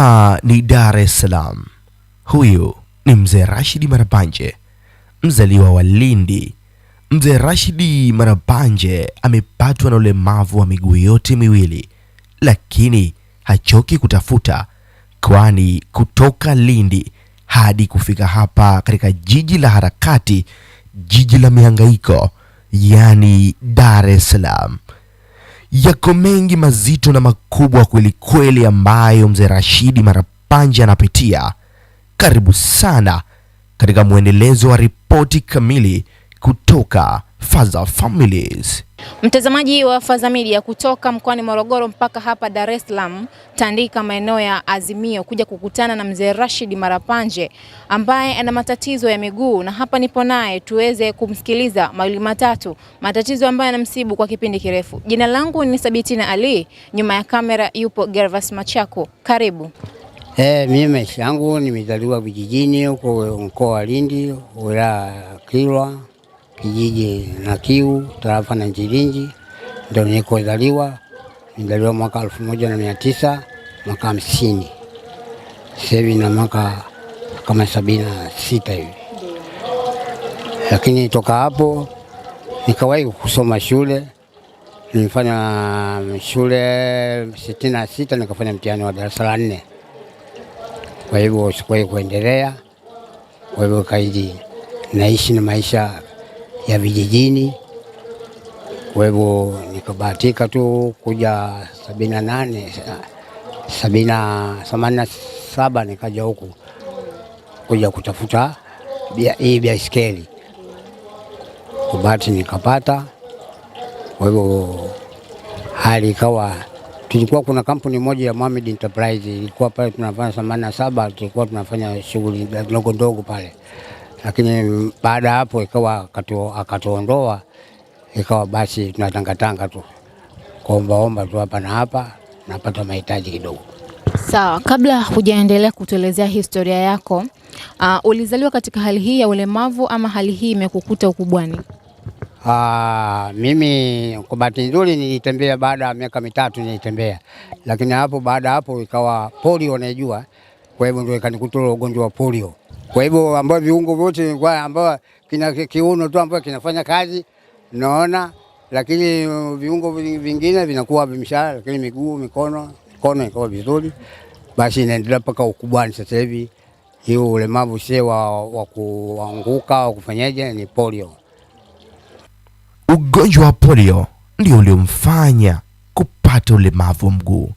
Hapa ni Dar es Salaam. Huyu ni mzee Rashidi Marapanje, mzaliwa wa Lindi. Mzee Rashidi Marapanje amepatwa na ulemavu wa miguu yote miwili, lakini hachoki kutafuta, kwani kutoka Lindi hadi kufika hapa katika jiji la harakati, jiji la mihangaiko, yaani Dar es Salaam yako mengi mazito na makubwa kweli kweli ambayo mzee Rashidi Marapanja anapitia. Karibu sana katika mwendelezo wa ripoti kamili kutoka Faza Families. Mtazamaji wa Faza Media kutoka mkoani Morogoro mpaka hapa Dar es Salaam, Tandika maeneo ya Azimio kuja kukutana na mzee Rashid Marapanje ambaye ana matatizo ya miguu, na hapa nipo naye tuweze kumsikiliza mawili matatu matatizo ambayo yanamsibu kwa kipindi kirefu. Jina langu ni Sabitina Ali, nyuma ya kamera yupo Gervas Machako. Karibu. Hey, eh, mimi maisha yangu nimezaliwa vijijini huko mkoa wa Lindi, wilaya ya Kilwa kijiji na kiu tarafa na Njilinji, ndio nilikozaliwa. Nilizaliwa mwaka elfu moja na mia tisa mwaka hamsini sasa hivi na mwaka kama sabini na sita hivi, lakini toka hapo nikawahi kusoma shule. Nilifanya shule sitini na sita nikafanya mtihani wa darasa la nne, kwa hivyo sikuwahi kuendelea. Kwa hivyo kaidi naishi na maisha ya vijijini. Kwa hivyo nikabahatika tu kuja sabini na nane sabini themanini na saba nikaja huku kuja kutafuta hii baiskeli, kwa nikapata. Kwa hivyo hali ikawa, tulikuwa kuna kampuni moja ya Mohamed Enterprise ilikuwa pale tunafanya themanini na saba tulikuwa tunafanya shughuli ndogo ndogo pale lakini baada ya hapo ikawa akatuondoa, ikawa basi tunatangatanga tu kuombaomba tu hapa na hapa, napata mahitaji kidogo. Sawa, kabla hujaendelea kutuelezea historia yako, uh, ulizaliwa katika hali hii ya ulemavu ama hali hii imekukuta ukubwani? Uh, mimi kwa bahati nzuri nilitembea baada ya miaka mitatu nilitembea, lakini hapo baada hapo ikawa polio naijua, kwa hivyo ndio ikanikuta ugonjwa wa polio. Kwa hivyo ambao viungo vyote ambao kina kiuno tu ambao kinafanya kazi naona, lakini uh, viungo vingine vinakuwa vimshaa, lakini miguu, mikono, mikono ikawa vizuri, basi inaendelea mpaka ukubwani. Sasa hivi hiyo ulemavu sie wa, wa kuanguka au kufanyaje, ni polio. Ugonjwa wa polio ndio uliomfanya kupata ulemavu mguu.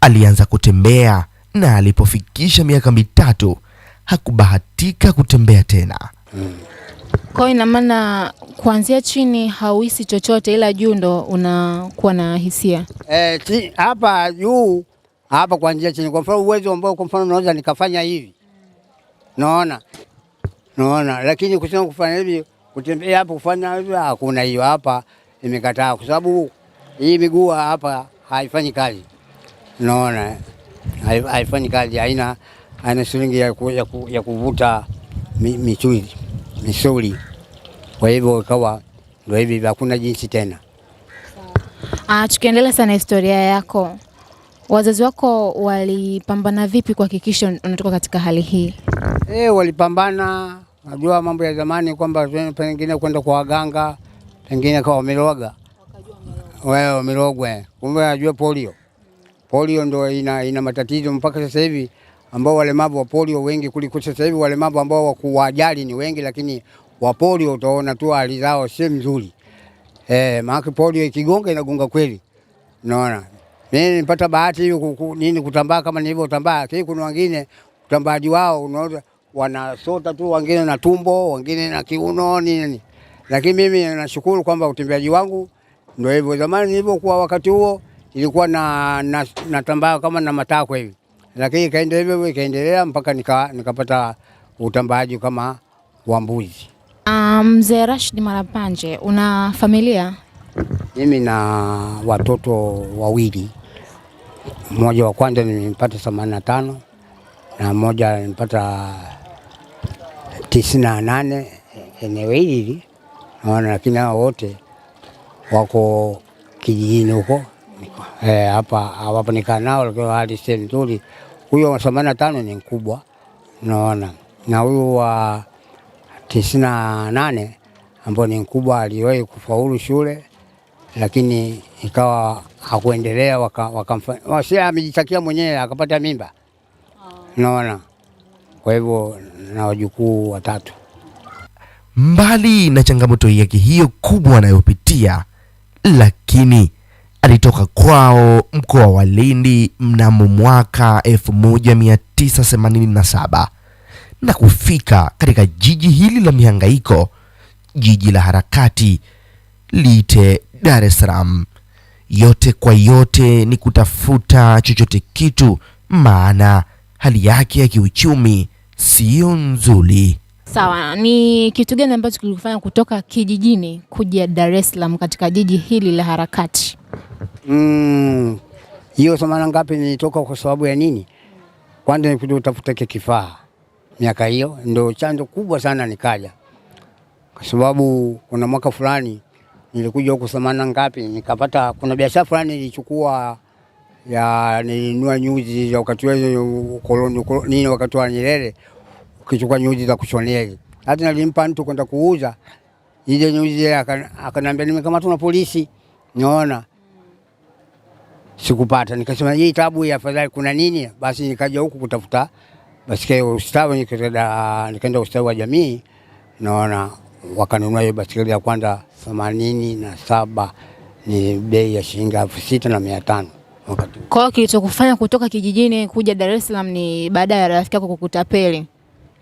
Alianza kutembea na alipofikisha miaka mitatu hakubahatika kutembea tena. Mm. Kwa hiyo ina maana kuanzia chini hauhisi chochote, ila juu ndo unakuwa na hisia eh, hapa e, juu hapa kuanzia chini. Kwa mfano uwezo ambao kwa mfano naweza nikafanya hivi, naona naona, lakini kusema kufanya hivi, kutembea hapo, kufanya hivi, hakuna hiyo. Hapa imekataa kwa sababu hii miguu hapa haifanyi kazi, naona haifanyi kazi, haina ana shilingi ya, ku, ya, ku, ya kuvuta misuli misuli. Kwa hivyo ikawa ndio hivi, hakuna jinsi tena. Ah, tukiendelea sana historia yako, wazazi wako walipambana vipi kuhakikisha unatoka katika hali hii? E, walipambana. Najua mambo ya zamani kwamba pengine kwenda kwa waganga, pengine kwa wameroga wamerogwa, kumbe ajue polio. Polio ndio ina, ina matatizo mpaka sasa hivi ambao walemavu wa polio wengi kuliko sasa hivi. Walemavu ambao wakuwajali ni wengi, lakini wa polio utaona tu hali zao si nzuri eh, maana polio ikigonga inagonga kweli. Unaona, mimi nilipata bahati hiyo nini kutambaa kama nilivyotambaa. Lakini kuna wengine utambaji wao unaona wanasota tu, wengine na tumbo, wengine na kiuno nini, lakini mimi nashukuru kwamba utembeaji wangu ndio hivyo. Zamani nilivyokuwa wakati huo ilikuwa na natambaa na kama na matako hivi lakini kaendelea hivyo, ikaendelea mpaka nika, nikapata utambaaji kama wa mbuzi. Ah, Mzee um, Rashid Marapanje, una familia? Mimi na watoto wawili, mmoja wa kwanza nimepata themanini na tano na mmoja nimepata tisini na nane eneo hili naona, lakini hao wote wako kijijini huko Eh, hapa e, hapa nikanao likiwa hali si nzuri. Huyo wa themanini na tano ni mkubwa naona, na huyu wa tisini na nane ambao ni mkubwa aliwahi kufaulu shule lakini ikawa hakuendelea, wakamfanya amejitakia mwenyewe akapata mimba naona. Kwa hivyo na wajukuu watatu. Mbali na changamoto yake hiyo kubwa anayopitia, lakini alitoka kwao mkoa wa Lindi mnamo mwaka 1987 na kufika katika jiji hili la mihangaiko, jiji la harakati liite Dar es Salaam. Yote kwa yote ni kutafuta chochote kitu, maana hali yake ya kiuchumi siyo nzuri. Sawa, ni kitu gani ambacho kilikufanya kutoka kijijini kuja Dar es Salaam katika jiji hili la harakati? Mm. hiyo mm, thamana ngapi nilitoka kwa sababu ya nini? Kwanza nikuja utafuta kifaa miaka hiyo ndio chanzo kubwa sana nikaja, kwa sababu kuna mwaka fulani nilikuja huko samana ngapi, nikapata kuna biashara fulani nilichukua ya nilinunua nyuzi za wakati wewe ukoloni nini, wakati wa Nyerere ukichukua nyuzi za kushonea, hata nilimpa mtu kwenda kuuza ile nyuzi, akaniambia nimekamatwa na polisi. Naona sikupata. Nikasema hii tabu ya afadhali kuna nini? Basi nikaja huku kutafuta basikeli ustawi, nikaenda ustawi wa jamii, naona wakanunua hiyo basikeli ya kwanza themanini na saba ni bei ya shilingi elfu sita na mia tano wakati. Kwa hiyo kilichokufanya kutoka kijijini kuja Dar es Salaam ni baada ya rafiki yako kukutapeli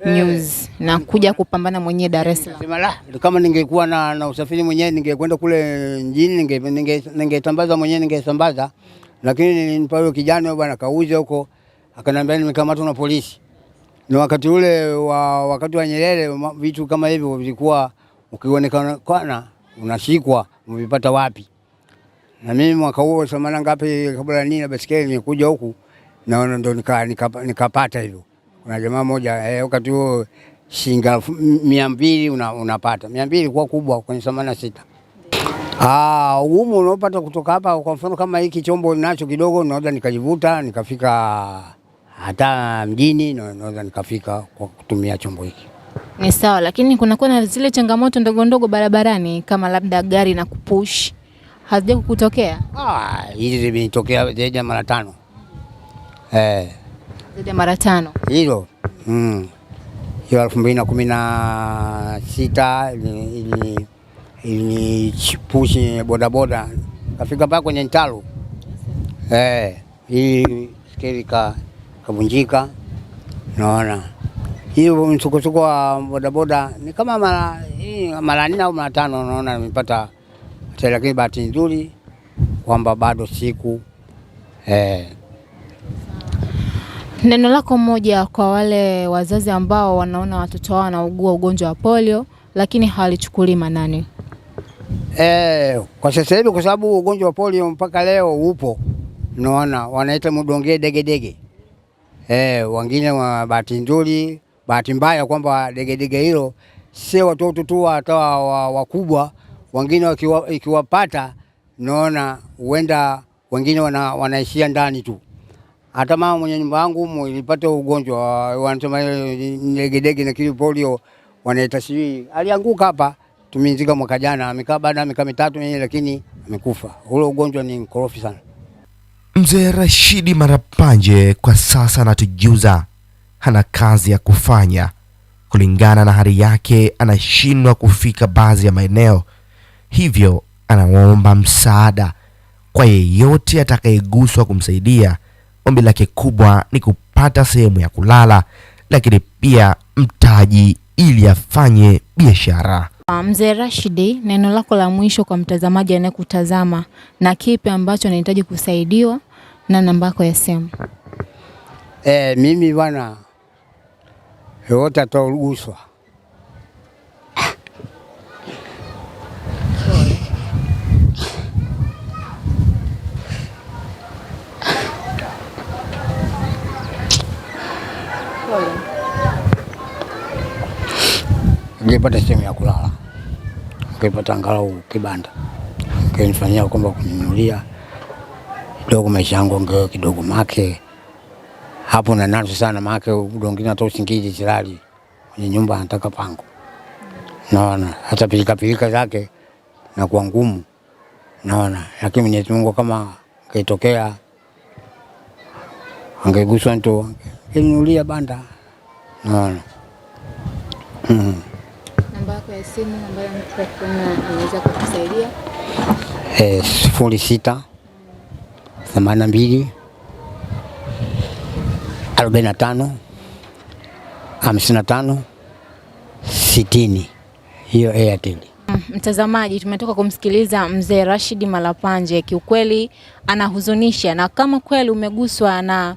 eh. news na kuja kupambana mwenyewe Dar es Salaam. Kama ningekuwa na, na usafiri mwenyewe ningekwenda kule mjini, ningetambaza mwenyewe, ningesambaza lakini nilimpa yule kijana bwana kauze huko, akaniambia nimekamatwa na polisi. Na wakati ule wa wakati wa Nyerere vitu kama hivyo vilikuwa ukionekana kana unashikwa, umevipata wapi? Na mimi mwaka huo samana ngapi kabla nini na basikeli nikuja huku naona ndo nikapata hivyo. Kuna jamaa moja eh, wakati huo shilingi mia mbili unapata una mia mbili kwa kubwa kwenye samana sita Ah, ugumu unaopata kutoka hapa, kwa mfano kama hiki chombo nacho kidogo, naweza nikajivuta nikafika hata mjini, naweza nikafika kwa kutumia chombo hiki. Ni sawa, lakini kunakuwa na zile changamoto ndogo ndogo barabarani, kama labda gari na kupush, hazija kukutokea? Ah, hizi zimetokea zaidi ya mara tano eh, zaidi ya mara tano hilo mm. hiyo elfu mbili na kumi na sita ili ilinichipushe bodaboda, kafika mpaka kwenye ntalu eh, hii skeli kavunjika. Naona hiyo msukosuko wa bodaboda ni kama mara mara nne au mara tano, naona nimepata, lakini bahati nzuri kwamba bado siku eh. Neno lako moja kwa wale wazazi ambao wanaona watoto wao wanaugua ugonjwa wa polio lakini hawalichukulii manani Eh, kwa sasa hivi kwa sababu ugonjwa wa polio mpaka leo upo, unaona wanaita mudongee degedege. Eh, wengine wa bahati nzuri, bahati mbaya kwamba degedege hilo sio watoto tu, hata wakubwa wengine ikiwapata, naona huenda wengine wana, wanaishia ndani tu. Hata mama mwenye nyumba yangu ilipata ugonjwa wanasema degedege eh, na kilipolio, wanaita sijui, alianguka hapa tumizika mwaka jana, amekaa baada ya miaka mitatu yeye, lakini amekufa. Ule ugonjwa ni mkorofi sana. Mzee Rashidi Marapanje kwa sasa anatujuza hana kazi ya kufanya. Kulingana na hali yake, anashindwa kufika baadhi ya maeneo, hivyo anaomba msaada kwa yeyote atakayeguswa kumsaidia. Ombi lake kubwa ni kupata sehemu ya kulala, lakini pia mtaji ili afanye biashara. Ah, Mzee Rashidi, neno lako la mwisho kwa mtazamaji anayekutazama na kipi ambacho anahitaji kusaidiwa na namba yako ya simu? E, mimi bwana wote ataruguswa ngepata sehemu ya kulala ukipata angalau kibanda kinifanyia kwamba kuninulia kidogo, maisha yangu ngeo kidogo make hapo na nani sana, make udongina hata usingizi chilali kwenye nyumba, anataka pango naona hata pilika pilika zake na kuwa ngumu naona, lakini Mwenyezi Mungu kama kaitokea angeguswa ntu kinulia banda naona simu ambayo mtu akiona anaweza kukusaidia? Eh, sifuri sita themanini na mbili arobaini na tano hamsini na tano sitini hiyo Airtel. Mm, mtazamaji, tumetoka kumsikiliza mzee Rashidi Malapanje. Kiukweli anahuzunisha, na kama kweli umeguswa na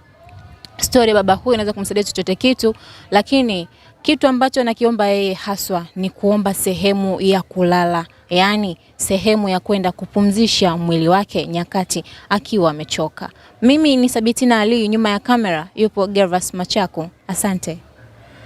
stori ya baba huyu, inaweza kumsaidia chochote kitu, lakini kitu ambacho nakiomba yeye haswa ni kuomba sehemu ya kulala, yaani sehemu ya kwenda kupumzisha mwili wake nyakati akiwa amechoka. Mimi ni Sabitina Ali, nyuma ya kamera yupo Gervas Machaku. Asante.